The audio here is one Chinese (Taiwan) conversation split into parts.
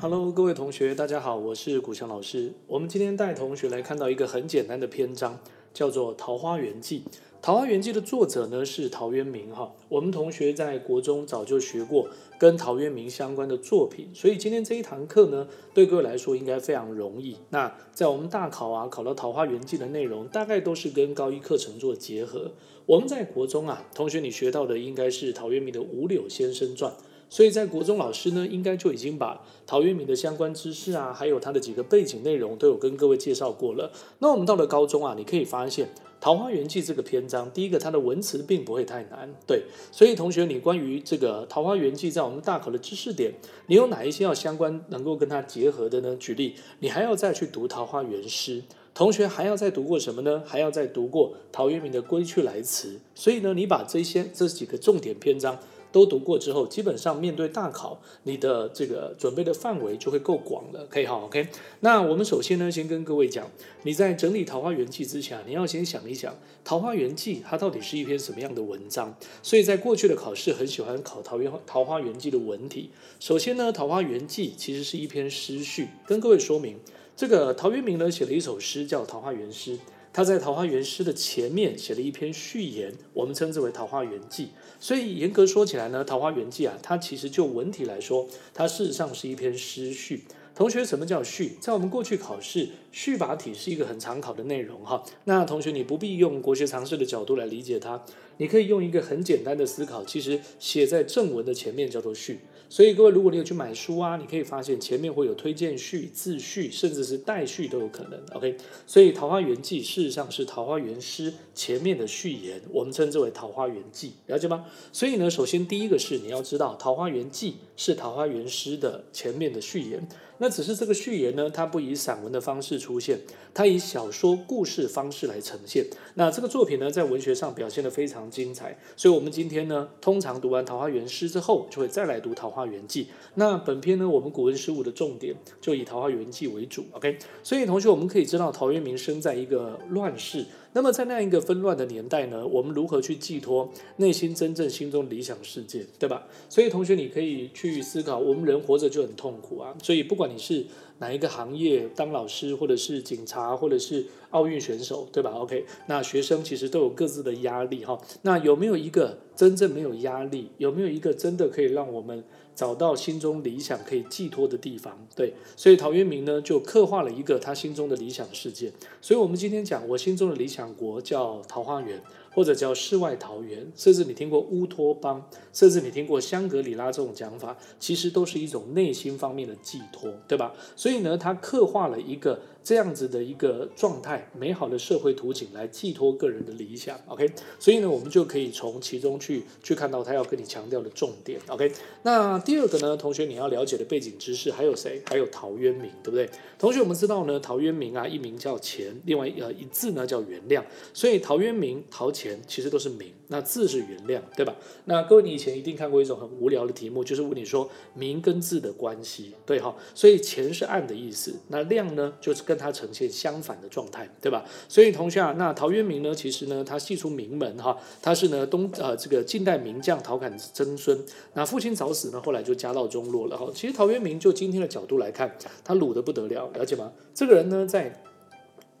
Hello，各位同學，大家好，我是古翔老師。我們今天帶同學來看到一個很簡單的篇章，叫做《桃花源記》。《桃花源記》的作者呢是陶淵明哈。我們同學在國中早就學過跟陶淵明相關的作品，所以今天這一堂課呢，對各位來說應該非常容易。那在我們大考啊，考到《桃花源記》的內容，大概都是跟高一課程做結合。我們在國中啊，同學你學到的應該是陶淵明的《五柳先生傳》。所以在國中老師呢，應該就已經把陶淵明的相關知識啊，還有他的幾個背景內容，都有跟各位介紹過了。那我們到了高中啊，你可以發現《桃花源記》這個篇章，第一個它的文詞並不會太難，對。所以同學，你關於這個《桃花源記》在我們大考的知識點，你有哪一些要相關能夠跟他結合的呢？舉例，你還要再去讀《桃花源詩》，同學還要再讀過什麼呢？還要再讀過陶淵明的《歸去來辭》。所以呢，你把這些這些幾個重點篇章。都讀過之後，基本上面對大考，你的這個準備的範圍就會夠廣了，可以哈。OK，那我們首先呢，先跟各位講，你在整理《桃花源記》之前啊，你要先想一想，《桃花源記》它到底是一篇什麼樣的文章。所以在過去的考試，很喜歡考《桃源桃花源記》的文體。首先呢，《桃花源記》其實是一篇詩序，跟各位說明，這個陶淵明呢，寫了一首詩，叫《桃花源詩》。他在桃花源詩的前面寫了一篇序言，我們稱之為《桃花源記》。所以嚴格說起來呢，《桃花源記》啊，它其實就文體來說，它事實上是一篇詩序。同學，什麼叫序？在我們過去考試，序跋體是一個很常考的內容哈。那同學，你不必用國學常識的角度來理解它，你可以用一個很簡單的思考，其實寫在正文的前面叫做序。所以各位，如果你有去買書啊，你可以發現前面會有推薦序、自序，甚至是代序都有可能。OK，所以《桃花源記》事實上是《桃花源詩》前面的序言，我們稱之為《桃花源記》，了解嗎？所以呢，首先第一個是你要知道，《桃花源記》是《桃花源詩》的前面的序言。那只是這個序言呢，它不以散文的方式出現，它以小說故事方式來呈現。那這個作品呢，在文學上表現得非常精彩，所以我們今天呢，通常讀完《桃花源詩》之後，就會再來讀《桃花源記》。那本篇呢，我們古文十五的重點就以《桃花源記》為主，OK。所以同學，我們可以知道陶淵明生在一個亂世。那麼在那樣一個紛亂的年代呢，我們如何去寄托內心真正心中的理想世界，對吧？所以同學，你可以去思考，我們人活着就很痛苦啊。所以不管你是哪一個行業，當老師或者是警察或者是奧運選手，對吧？OK，那學生其實都有各自的壓力哈。那有沒有一個真正沒有壓力？有沒有一個真的可以讓我們？找到心中理想可以寄託的地方，對，所以陶淵明呢，就刻畫了一個他心中的理想世界。所以我們今天講，我心中的理想國叫桃花源。或者叫世外桃源，甚至你聽過烏托邦，甚至你聽過香格里拉這種講法，其實都是一種內心方面的寄托，對吧？所以呢，他刻畫了一個這樣子的一個狀態，美好的社會圖景來寄托個人的理想。OK，所以呢，我們就可以從其中去去看到他要跟你強調的重點。OK，那第二個呢，同學你要了解的背景知識還有誰？還有陶淵明，對不對？同學，我們知道呢，陶淵明啊，一名叫潛，另外呃一字呢叫元亮，所以陶淵明陶潛。其實都是明，那字是元亮，對吧？那各位，你以前一定看過一種很無聊的題目，就是問你說明跟字的關係，對哈、哦？所以潛，是暗的意思，那亮呢就是跟它，呈現相反的狀態，對吧？所以同學啊，那陶淵明呢，其實呢他系出名門哈，他是呢東呃這個晉代名將陶侃曾孫，那父親早死呢，後來就家道中落了哈。其實陶淵明就今天的角度來看，他魯得不得了，了解嗎？這個人呢，在。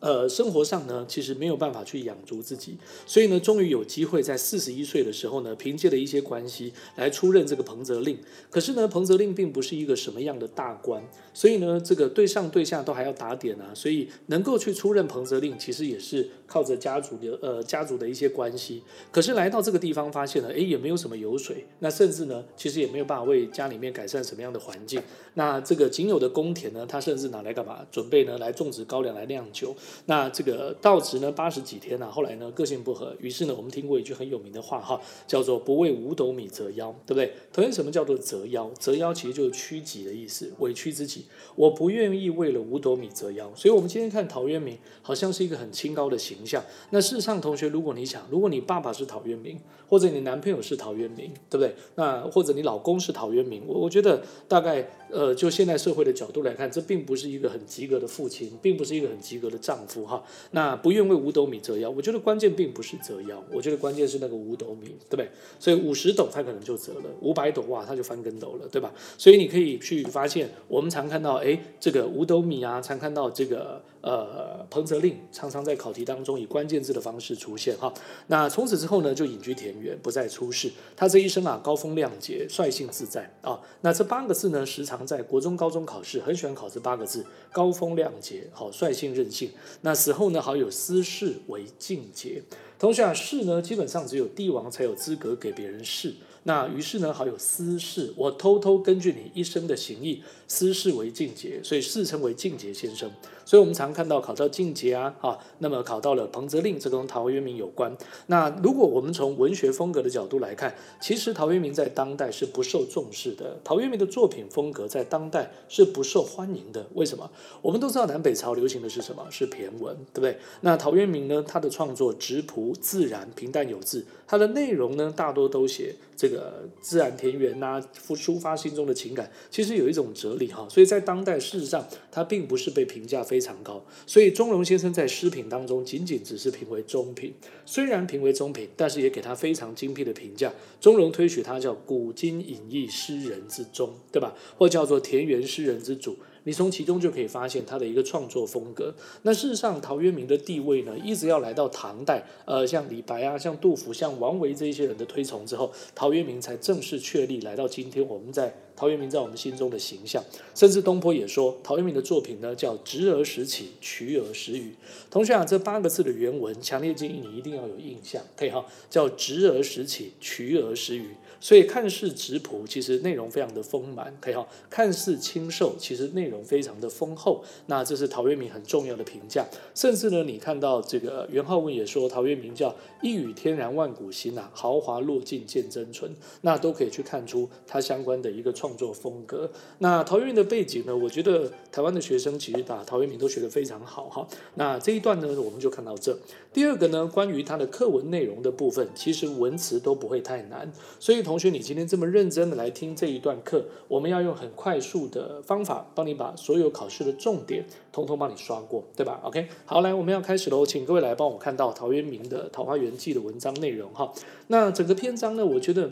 呃，生活上呢，其實沒有辦法去養足自己，所以呢，終於有機會在四十一歲的時候呢，憑借了一些關係來出任這個彭澤令。可是呢，彭澤令並不是一個什麼樣的大官，所以呢，這個對上對下都還要打點啊。所以能夠去出任彭澤令，其實也是靠着家族的呃家族的一些關係。可是來到這個地方，發現了誒，也沒有什麼油水，那甚至呢，其實也沒有辦法為家裡面改善什麼樣的環境。那這個僅有的公田呢，他甚至拿來幹嘛？準備呢來種植高粱，來釀酒。那這個到職呢，八十幾天呢、啊，後來呢，個性不合，於是呢，我們聽過一句很有名的話哈，叫做“不為五斗米折腰”，對不對？同學，什麼叫做折腰？折腰其實就是屈己的意思，委屈自己，我不願意為了五斗米折腰。所以，我們今天看陶淵明，好像是一個很清高的形象。那事實上，同學，如果你想，如果你爸爸是陶淵明，或者你男朋友是陶淵明，對不對？那或者你老公是陶淵明，我我覺得大概。呃，就現代社會的角度來看，這並不是一個很及格的父親，並不是一個很及格的丈夫哈。那不願為五斗米折腰，我覺得關鍵並不是折腰，我覺得關鍵是那個五斗米，對不對？所以五十斗他可能就折了，五百斗哇、啊，他就翻跟斗了，對吧？所以你可以去發現，我們常看到哎，這個五斗米啊，常看到這個。呃，彭澤令常常在考題當中以關鍵字的方式出現哈、哦。那從此之後呢，就隱居田園，不再出仕。他這一生啊，高風亮節，率性自在啊、哦。那這八個字呢，時常在國中、高中考試很喜歡考這八個字：高風亮節，好、哦、率性任性。那死後呢，好友私諡為靖節。同學啊，諡呢基本上只有帝王才有資格給別人諡。那於是呢，好友私諡，我偷偷根據你一生的行義，私諡為靖節。所以自稱為靖節先生。所以我們常看到考到靖節啊，啊，那麼考到了彭澤令，這跟陶淵明有關。那如果我們從文學風格的角度來看，其實陶淵明在當代是不受重視的。陶淵明的作品風格在當代是不受歡迎的。為什麼？我們都知道南北朝流行的是什麼？是駢文，對不對？那陶淵明呢？他的創作質樸自然，平淡有致。他的內容呢，大多都寫這個自然田園啊，抒發心中的情感。其實有一種哲理哈、啊。所以在當代事實上，他並不是被評價非。非常高，所以鍾嶸先生在《詩品》當中僅僅只是評為中品，雖然評為中品，但是也給他非常精闢的評價。鍾嶸推許他叫“古今隱逸詩人之宗”，對吧？或叫做“田園詩人之祖”。你從其中就可以發現他的一個創作風格。那事實上，陶淵明的地位呢，一直要來到唐代，呃，像李白啊，像杜甫，像王維這些人的推崇之後，陶淵明才正式確立。來到今天，我們在陶淵明在我們心中的形象，甚至東坡也說，陶淵明的作品呢叫“質而實綺，癯而實腴”。同學啊，這八個字的原文，強烈建議你一定要有印象。可以哈，叫“質而實綺，癯而實腴”。所以看似質樸，其實內容非常的豐滿，可以哈；看似清瘦，其實內容非常的豐厚。那這是陶淵明很重要的評價。甚至呢，你看到這個元好問也說陶淵明叫“一語天然萬古新，啊，啊豪華落盡見真淳，那都可以去看出他相關的一個創作風格。那陶淵明的背景呢，我覺得台灣的學生其實把陶淵明都學得非常好哈。那這一段呢，我們就看到這。第二個呢，關於他的課文內容的部分，其實文詞都不會太難，所以。同學，你今天這麼認真的來聽這一段課，我們要用很快速的方法幫你把所有考試的重點，通通幫你刷過，對吧？OK，好，來，我們要開始嘍，請各位來幫我看到陶淵明的《桃花源記》的文章內容哈。那整個篇章呢，我覺得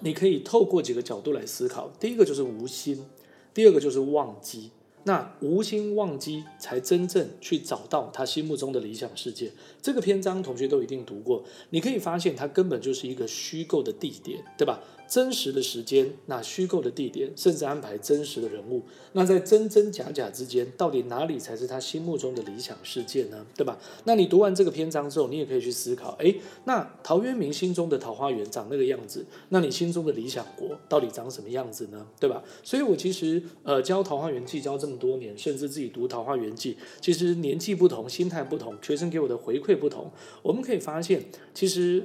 你可以透過幾個角度來思考，第一個就是無心，第二個就是忘記。那無心忘機，才真正去找到他心目中的理想世界。這個篇章，同學都一定讀過。你可以發現，它根本就是一個虛構的地點，對吧？真實的時間，那虛構的地點，甚至安排真實的人物，那在真真假假之間，到底哪裡才是他心目中的理想世界呢？對吧？那你讀完這個篇章之後，你也可以去思考：哎，那陶淵明心中的桃花源長那個樣子，那你心中的理想國到底長什麼樣子呢？對吧？所以，我其實呃教《桃花源記》教這麼多年，甚至自己讀《桃花源記》，其實年紀不同，心態不同，學生給我的回饋不同，我們可以發現，其實。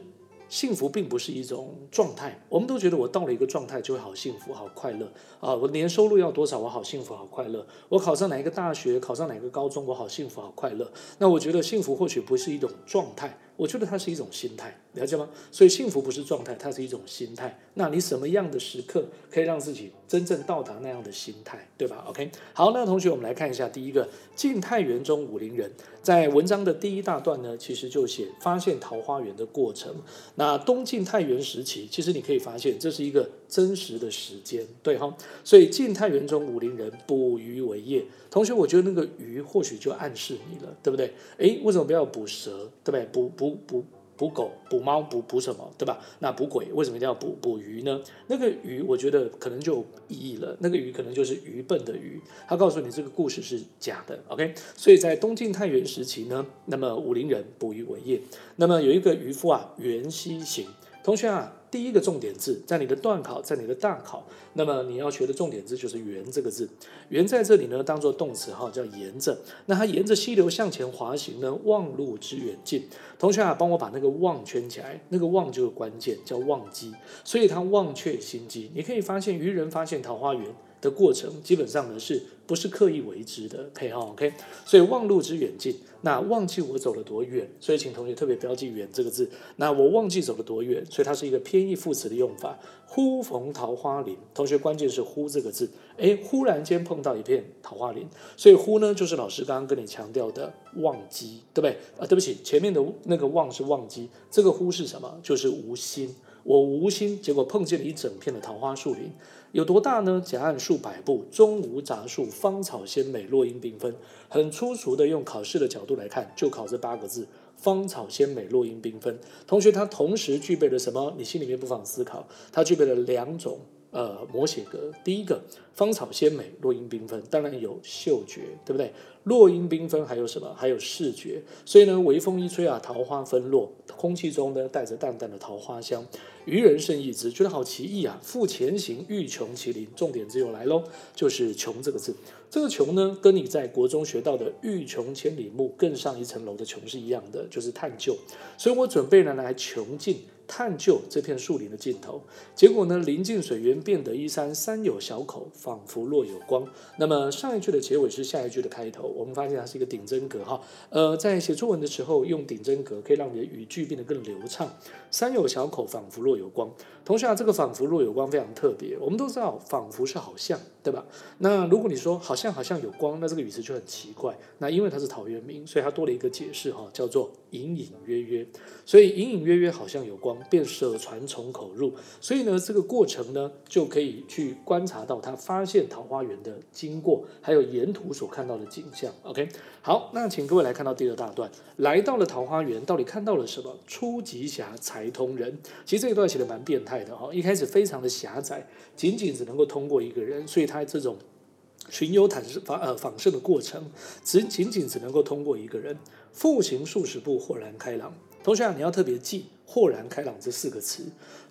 幸福並不是一種狀態，我們都覺得我到了一個狀態就會好幸福、好快樂啊！我年收入要多少，我好幸福、好快樂；我考上哪一個大學、考上哪一個高中，我好幸福、好快樂。那我覺得幸福或許不是一種狀態。我覺得它是一種心態，了解嗎？所以幸福不是狀態，它是一種心態。那你什麼樣的時刻可以讓自己真正到達那樣的心態，對吧？OK，好，那同學我們來看一下，第一個，晉太元中武陵人，在文章的第一大段呢，其實就寫發現桃花源的過程。那東晉太原時期，其實你可以發現這是一個。真實的時間，對哈，所以晉太元中，武陵人捕魚為業。同學，我覺得那個魚或許就暗示你了，對不對？誒，為什麼不要捕蛇，對不對？捕捕捕捕狗、捕貓、捕捕什麼，對吧？那捕鬼，為什麼一定要捕捕魚呢？那個魚，我覺得可能就有意義了。那個魚，可能就是愚笨的魚，他告訴你這個故事是假的。OK，所以在東晉太元時期呢，那麼武陵人捕魚為業，那麼有一個漁夫啊，緣溪行。同學啊，第一個重點字在你的段考，在你的大考，那麼你要學的重點字就是“緣”這個字。緣在這裡呢，當做動詞哈，叫沿着。那它沿着溪流向前滑行呢，忘路之遠近。同學啊，幫我把那個忘圈起來，那個忘就是關鍵，叫忘機。所以他忘卻心機。你可以發現，漁人發現桃花源。的過程基本上呢，是不是刻意為之的配合 OK，所以忘路之遠近，那忘記我走了多遠，所以請同學特別標記“遠”這個字。那我忘記走了多遠，所以它是一個偏義副詞的用法。忽逢桃花林，同學關鍵是“忽”這個字，哎、欸，忽然間碰到一片桃花林，所以忽呢“忽”呢就是老師剛剛跟你強調的忘記，對不對？啊、呃，對不起，前面的那個“忘”是忘記，這個“忽”是什麼？就是無心。我無心，結果碰見了一整片的桃花樹林，有多大呢？夾岸數百步，中無雜樹，芳草鮮美，落英繽紛。很粗俗的用考試的角度來看，就考這八個字：芳草鮮美，落英繽紛。同學，他同時具備了什麼？你心裡面不妨思考，他具備了兩種呃摹寫格。第一個，芳草鮮美，落英繽紛，當然有嗅覺，對不對？落英繽紛，還有什麼？還有視覺。所以呢，微風一吹啊，桃花紛落，空氣中呢帶着淡淡的桃花香。漁人甚異之，覺得好奇異啊。復前行，欲窮其林。重點只有來咯，就是“窮”這個字。這個“窮”呢，跟你在國中學到的“欲窮千里目，更上一層樓”的“窮”是一樣的，就是探究。所以我準備呢，來窮盡、探究這片樹林的盡頭。結果呢，林盡水源，便得一山，山有小口，仿佛若有光。那麼上一句的結尾是下一句的開頭。我們發現它是一個頂針格哈，呃，在寫作文的時候用頂針格可以讓你的語句變得更流暢。山有小口，仿佛若有光。同時啊，這個仿佛若有光非常特別。我們都知道仿佛是好像，對吧？那如果你說好像好像有光，那這個語詞就很奇怪。那因為它是陶淵明，所以它多了一個解釋哈，叫做隱隱約約。所以隱隱約約好像有光，便舍船從口入。所以呢，這個過程呢，就可以去觀察到他發現桃花源的經過，還有沿途所看到的景。OK，好，那請各位來看到第二大段，來到了桃花源，到底看到了什麼？初極狹，才通人。其實這一段寫得蠻變態的哦，一開始非常的狹窄，僅僅只能夠通過一個人，所以他這種尋幽探勝，呃訪勝的過程，只僅僅只能夠通過一個人。復行數十步，豁然開朗。同學啊，你要特別記“豁然開朗”這四個詞。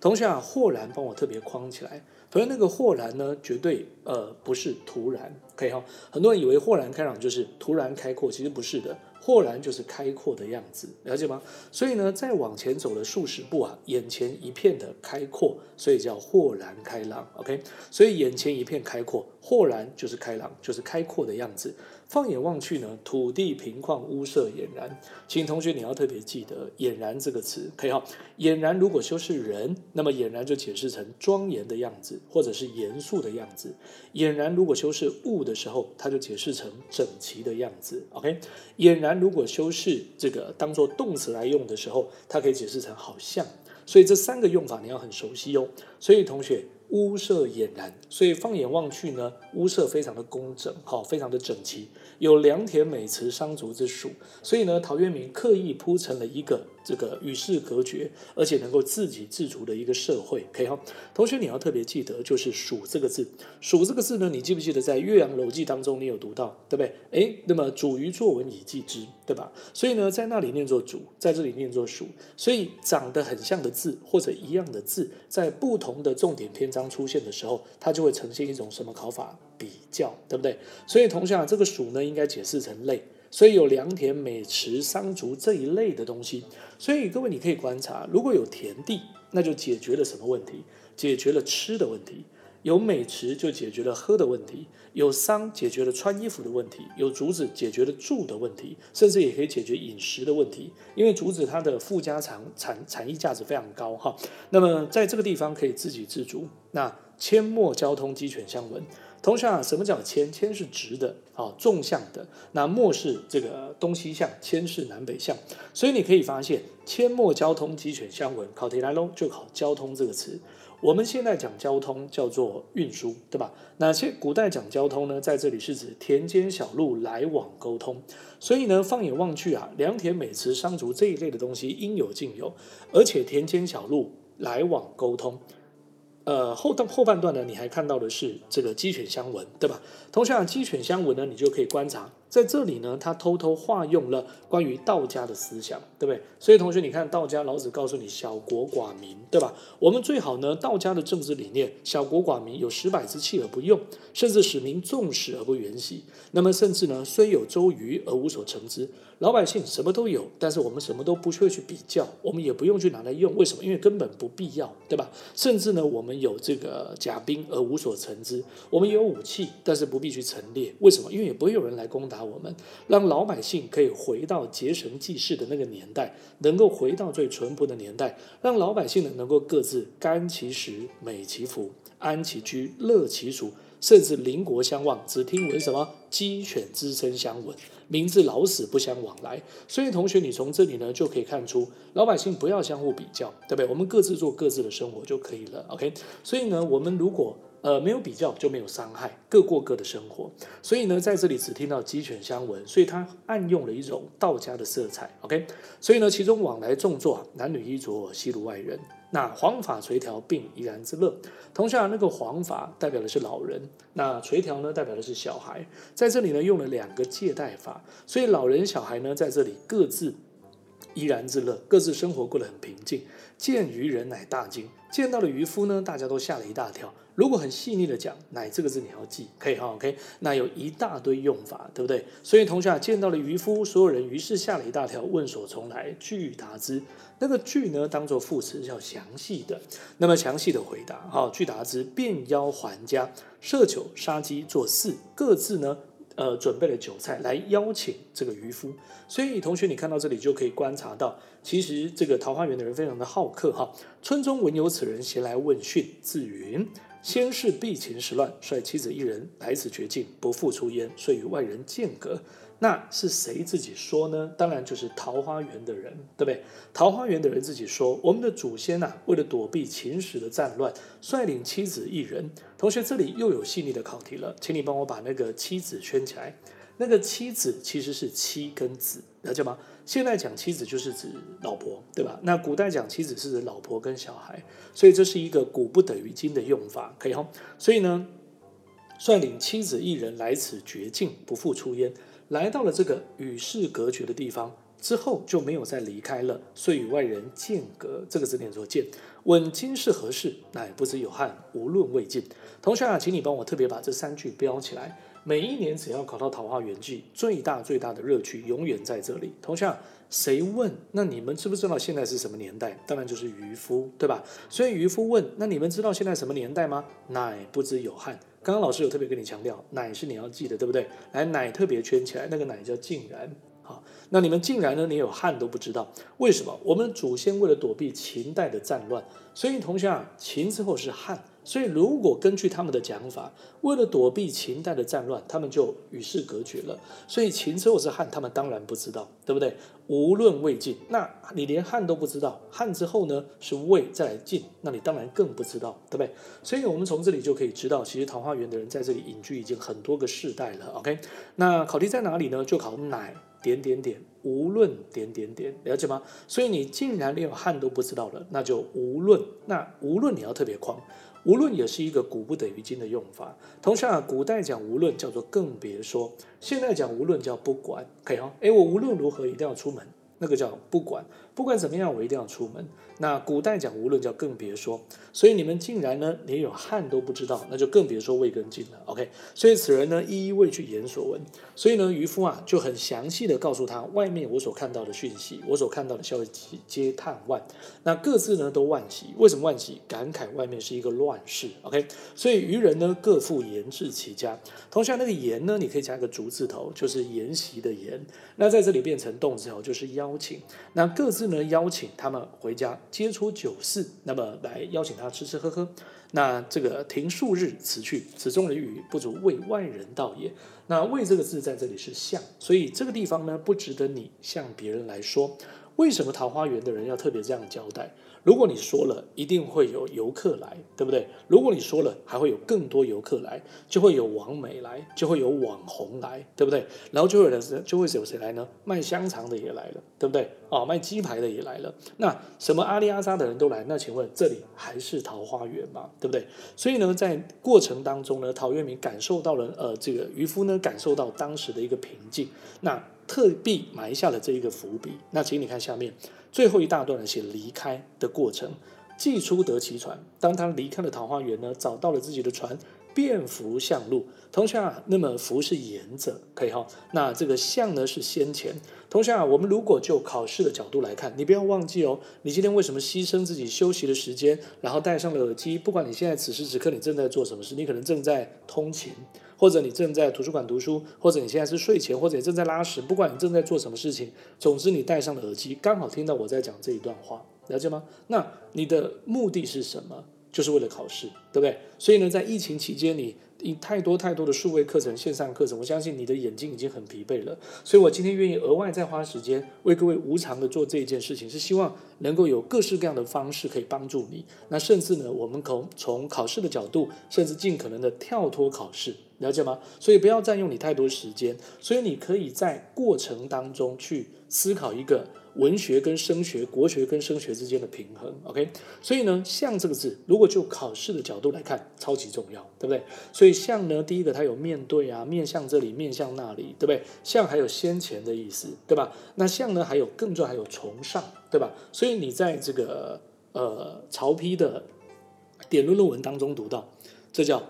同學啊，豁然幫我特別框起來。可是那個豁然呢，絕對呃不是突然，可以哈、哦。很多人以為豁然開朗就是突然開闊，其實不是的。豁然就是開闊的樣子，了解嗎？所以呢，再往前走了數十步啊，眼前一片的開闊，所以叫豁然開朗。OK，所以眼前一片開闊，豁然就是開朗，就是開闊的樣子。放眼望去呢，土地平曠，屋舍儼然。請同學你要特別記得“儼然”這個詞。可以哈、哦，“儼然”如果修飾人，那麼“儼然”就解釋成莊嚴的樣子，或者是嚴肅的樣子；“儼然”如果修飾物的時候，它就解釋成整齊的樣子。OK，“ 儼然”。但如果修飾這個當做動詞來用的時候，它可以解釋成好像，所以這三個用法你要很熟悉哦。所以同學，屋舍儼然。所以放眼望去呢，屋舍非常的工整，好、哦，非常的整齊，有良田美池桑竹之屬。所以呢，陶淵明刻意鋪成了一個這個與世隔絕，而且能夠自給自足的一個社會。可以哈，同學你要特別記得，就是“屬”這個字，“屬”這個字呢，你記不記得在《岳陽樓記》當中你有讀到，對不對？誒，那麼“屬予作文以記之”，對吧？所以呢，在那裡念作“主”，在這裡念作“屬”。所以長得很像的字或者一樣的字，在不同的重點篇章出現的時候，它。就會呈現一種什麼考法比較，對不對？所以同學啊，這個“屬”呢，應該解釋成類。所以有良田、美池、桑竹這一類的東西。所以各位，你可以觀察，如果有田地，那就解決了什麼問題？解決了吃的問題。有美池，就解決了喝的問題。有桑，解決了穿衣服的問題。有竹子，解決了住的問題，甚至也可以解決飲食的問題。因為竹子它的附加產產產業價值非常高哈。那麼在這個地方可以自給自足。那阡陌交通，雞犬相聞。同學啊，什麼叫阡？阡是直的，啊、哦，縱向的。那陌是這個東西向，阡是南北向。所以你可以發現，阡陌交通，雞犬相聞。考題來嘍，就考交通這個詞。我們現在講交通叫做運輸，對吧？那些古代講交通呢，在這裡是指田間小路來往溝通。所以呢，放眼望去啊，良田美池桑竹這一類的東西應有盡有，而且田間小路來往溝通。呃，後段後半段呢，你還看到的是這個雞犬相聞，對吧？同時啊，雞犬相聞呢，你就可以觀察。在這裡呢，他偷偷化用了關於道家的思想，對不對？所以同學，你看道家老子告訴你“小國寡民”，對吧？我們最好呢，道家的政治理念“小國寡民”，有什伯之器而不用，甚至使民重死而不遠徙。那麼，甚至呢，雖有舟輿而無所乘之。老百姓什麼都有，但是我們什麼都不需要去比較，我們也不用去拿來用。為什麼？因為根本不必要，對吧？甚至呢，我們有這個甲兵而無所陳之，我們也有武器，但是不必去陳列。為什麼？因為也不會有人來攻打。我們讓老百姓可以回到結繩記事的那個年代，能夠回到最淳樸的年代，讓老百姓呢能夠各自甘其食、美其服、安其居、樂其俗，甚至鄰國相望，只聽聞什麼雞犬之聲相聞，民至老死不相往來。所以，同學，你從這裡呢就可以看出，老百姓不要相互比較，對不對？我們各自做各自的生活就可以了。OK，所以呢，我們如果呃，沒有比較就沒有傷害，各過各的生活。所以呢，在這裡只聽到雞犬相聞，所以他暗用了一種道家的色彩。OK，所以呢，其中往來種作、啊，男女衣着悉如外人。那黃髮垂髫，並怡然自樂。同學啊，那個黃髮代表的是老人，那垂髫呢，代表的是小孩。在這裡呢，用了兩個借代法，所以老人小孩呢，在這裡各自。怡然自樂，各自生活過得很平靜。見漁人，乃大驚。見到了漁夫呢，大家都嚇了一大跳。如果很細膩的講，乃這個字你要記，可以哈、哦，OK。那有一大堆用法，對不對？所以同學啊，見到了漁夫，所有人於是嚇了一大跳，問所從來，具答之。那個具呢，當做副詞，要詳細的。那麼詳細的回答，哈、哦，具答之，便邀還家，設酒殺雞作食，各自呢。呃，準備了酒菜來邀請這個漁夫，所以同學你看到這裡就可以觀察到，其實這個桃花源的人非常的好客哈。村中聞有此人，鹹來問訊。自雲，先世避秦時亂，率妻子邑人來此絕境，不復出焉，遂與外人間隔。那是誰自己說呢？當然就是桃花源的人，對不對？桃花源的人自己說，我們的祖先吶、啊，為了躲避秦時的戰亂，率領妻子邑人。同學，這裡又有細膩的考題了，請你幫我把那個妻子圈起來。那個妻子其實是妻跟子，了解嗎？現在講妻子就是指老婆，對吧？那古代講妻子是指老婆跟小孩，所以這是一個古不等於今的用法，可以哈。所以呢，率領妻子邑人來此絕境，不復出焉。來到了這個與世隔絕的地方之後，就沒有再離開了，遂與外人間隔。這個字念作“見”，問今是何世，乃不知有漢，無論魏晉。同學啊，請你幫我特別把這三句標起來。每一年只要考到《桃花源記》，最大最大的熱區永遠在這裡。同學啊，誰問？那你們知不知道現在是什麼年代？當然就是漁夫，對吧？所以漁夫問：那你們知道現在什麼年代嗎？乃不知有漢。剛剛老師有特別跟你強調，乃是你要記得，對不對？來，乃特別圈起來，那個乃叫竟然。好，那你們竟然呢？連有漢都不知道，為什麼？我們祖先為了躲避秦代的戰亂，所以同學啊，秦之後是漢。所以，如果根據他們的講法，為了躲避秦代的戰亂，他們就與世隔絕了。所以秦之後是漢，他們當然不知道，對不對？無論魏晉，那你連漢都不知道，漢之後呢是魏再來晉，那你當然更不知道，對不對？所以我們從這裡就可以知道，其實桃花源的人在這裡隱居已經很多個世代了。OK，那考題在哪裡呢？就考乃點點點，無論點點點，了解嗎？所以你竟然連漢都不知道了，那就無論，那無論你要特別框。無論也是一個古不等於今的用法。同時啊，古代講無論叫做更別說，現在講無論叫不管，可以哈、哦？誒、欸，我無論如何一定要出門，那個叫不管。不管怎麼樣，我一定要出門。那古代講無論叫更別說，所以你們竟然呢連有漢都不知道，那就更別說魏晉了。OK，所以此人呢一一為具言所聞。所以呢漁夫啊就很詳細的告訴他外面我所看到的訊息，我所看到的消息皆嘆惋，那各自呢都惋惜。為什麼惋惜？感慨外面是一個亂世。OK，所以漁人呢各復延至其家。同學、啊、那個延呢你可以加一個竹字頭，就是筵席的筵。那在這裡變成動詞就是邀請。那各自呢。能邀請他們回家接觸酒肆，那麼來邀請他吃吃喝喝。那這個停數日辭去，此中人語不足為外人道也。那“為”這個字在這裡是向，所以這個地方呢不值得你向別人來說。為什麼桃花源的人要特別這樣交代？如果你說了一定會有遊客來，對不對？如果你說了，還會有更多遊客來，就會有網美來，就會有網紅來，對不對？然後就會有人，就會有誰來呢？賣香腸的也來了，對不對？哦，賣雞排的也來了。那什麼阿里阿扎的人都來，那請問這裡還是桃花源嗎？對不對？所以呢，在過程當中呢，陶淵明感受到了，呃，這個漁夫呢感受到當時的一個平靜，那特地埋下了這一個伏筆。那請你看下面。最後一大段呢，寫離開的過程。既出得其船，當他離開了桃花源呢，找到了自己的船，便扶向路。同學啊，那麼扶是沿着，可以哈、哦？那這個向呢是先前。同學啊，我們如果就考試的角度來看，你不要忘記哦，你今天為什麼犧牲自己休息的時間，然後戴上了耳機？不管你現在此時此刻你正在做什麼事，你可能正在通勤。或者你正在圖書館讀書，或者你現在是睡前，或者你正在拉屎，不管你正在做什麼事情，總之你戴上了耳機，剛好聽到我在講這一段話，了解嗎？那你的目的是什麼？就是為了考試，對不對？所以呢，在疫情期間，你你太多太多的數位課程、線上課程，我相信你的眼睛已經很疲憊了。所以我今天願意額外再花時間為各位無償的做這一件事情，是希望能夠有各式各樣的方式可以幫助你。那甚至呢，我們可從，從考試的角度，甚至盡可能的跳脫考試，了解嗎？所以不要佔用你太多時間。所以你可以在過程當中去。思考一個文學跟升學、國學跟升學之間的平衡，OK？所以呢，向這個字，如果就考試的角度來看，超級重要，對不對？所以向呢，第一個它，有面對啊、面向這裡、面向那裡，對不對？向還有先前的意思，對吧？那向呢，還有更重要還有崇尚，對吧？所以你在這個呃曹丕的典論論文當中讀到，這叫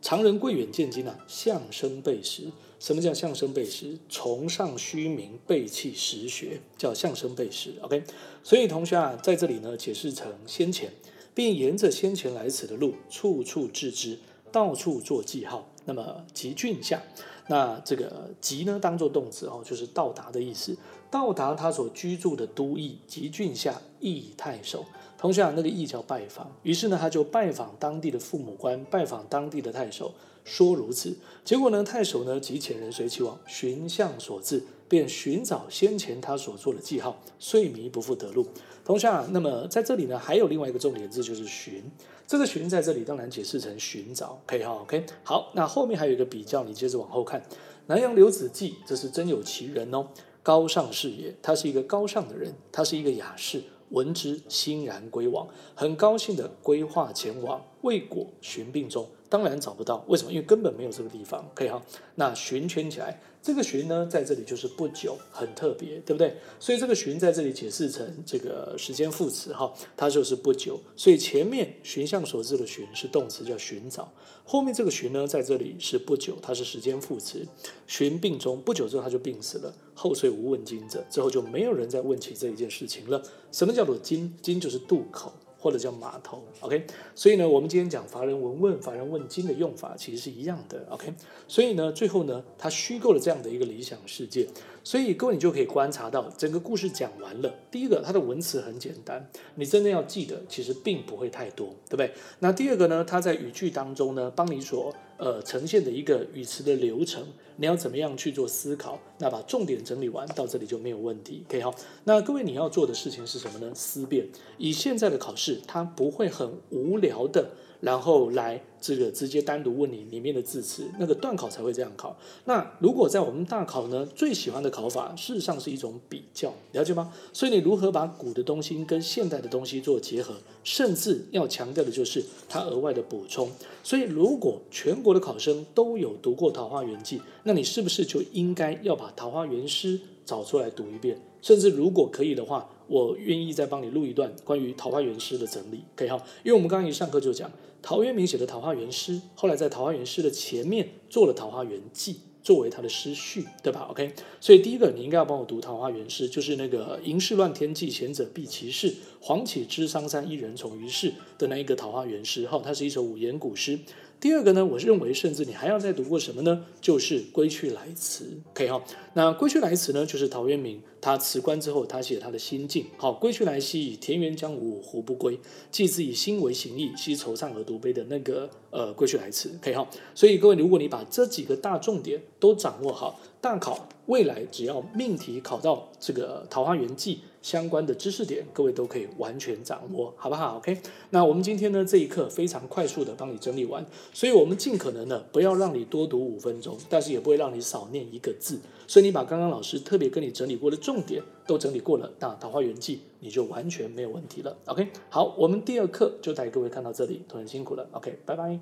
常人貴遠賤近啊，向聲背實。什麼叫向聲背實？崇尚虛名，背棄實學，叫向聲背實。OK，所以同學啊，在這裡呢，解釋成先前」，並沿着先前來此的路，處處置之，到處做記號。那麼及郡下，那這個及呢，當做動詞哦，就是到達的意思。到達他所居住的都邑，及郡下詣太守。同學啊，那個詣」叫拜訪。於是呢，他就拜訪當地的父母官，拜訪當地的太守。說如此，結果呢？太守呢，即遣人隨其往尋向所誌，便尋找先前他所做的記號，遂迷不復得路。同下，那麼在這裡呢，還有另外一個重點字就是“尋”。這個“尋”在這裡當然解釋成尋找，OK 可以、哦、OK。好，那後面還有一個比較，你接着往後看。南陽劉子驥，這是真有其人哦，高尚士也。他是一個高尚的人，他是一個雅士，聞之欣然規往，很高興的規劃前往，未果尋病終。當然找不到，為什麼？因為根本沒有這個地方，可以哈。那尋圈起來，這個尋呢，在這裡就是不久，很特別，對不對？所以這個尋在這裡解釋成這個時間副詞哈，它就是不久。所以前面尋向所誌的尋是動詞，叫尋找。後面這個尋呢，在這裡是不久，它是時間副詞。尋病終，不久之後他就病死了，後遂無問津者，之後就沒有人再問起這一件事情了。什麼叫做津？津就是渡口。或者叫碼頭，OK，所以呢，我們今天講「乏人問問，乏人問津」的用法其實是一樣的，OK。所以呢，最後呢，他虛構了這樣的一個理想世界，所以各位你就可以觀察到，整個故事講完了。第一個，它的文詞很簡單，你真的要記得，其實並不會太多，對不對？那第二個呢，它在語句當中呢，幫你所。呃，呈現的一個語詞的流程，你要怎麼樣去做思考？那把重點整理完，到這裡就沒有問題。OK，好，那各位你要做的事情是什麼呢？思辨。以現在的考試，它不會很無聊的。然後來這個直接單獨問你裡面的字詞，那個段考才會這樣考。那如果在我們大考呢，最喜歡的考法事實上是一種比較，了解嗎？所以你如何把古的東西跟現代的東西做結合，甚至要強調的就是它額外的補充。所以如果全國的考生都有讀過《桃花源記》，那你是不是就應該要把《桃花源詩》找出來讀一遍？甚至如果可以的話。我願意再幫你錄一段關於《桃花源詩》的整理可以哈？OK，因為我們剛剛一上課就講陶淵明寫的《桃花源詩》，後來在《桃花源詩》的前面做了《桃花源記》作為他的詩序，對吧？OK，所以第一個你應該要幫我讀《桃花源詩》，就是那個“嬴氏亂天紀，賢者避其世，黃綺之商山，一人從於世”的那一個《桃花源詩》。哈，它是一首五言古詩。第二個呢，我認為，甚至你還要再讀過什麼呢？就是《歸去來辭》。OK 哈、哦，那《歸去來辭》呢，就是陶淵明他辭官之後，他寫他的心境。好，《歸去來兮》以田園將蕪胡不歸？既自以心為形役，奚惆悵而獨悲的那個呃《歸去來辭》。OK 哈、哦，所以各位，如果你把這幾個大重點都掌握好，大考未來只要命題考到這個《桃花源記》。相關的知識點，各位都可以完全掌握，好不好？OK，那我們今天呢，這一課非常快速的幫你整理完，所以我們盡可能的不要讓你多讀五分鐘，但是也不會讓你少念一個字，所以你把剛剛老師特別跟你整理過的重點都整理過了，那《桃花源記》你就完全沒有問題了。OK，好，我們第二課就帶各位看到這裡，同學們辛苦了。OK，拜拜。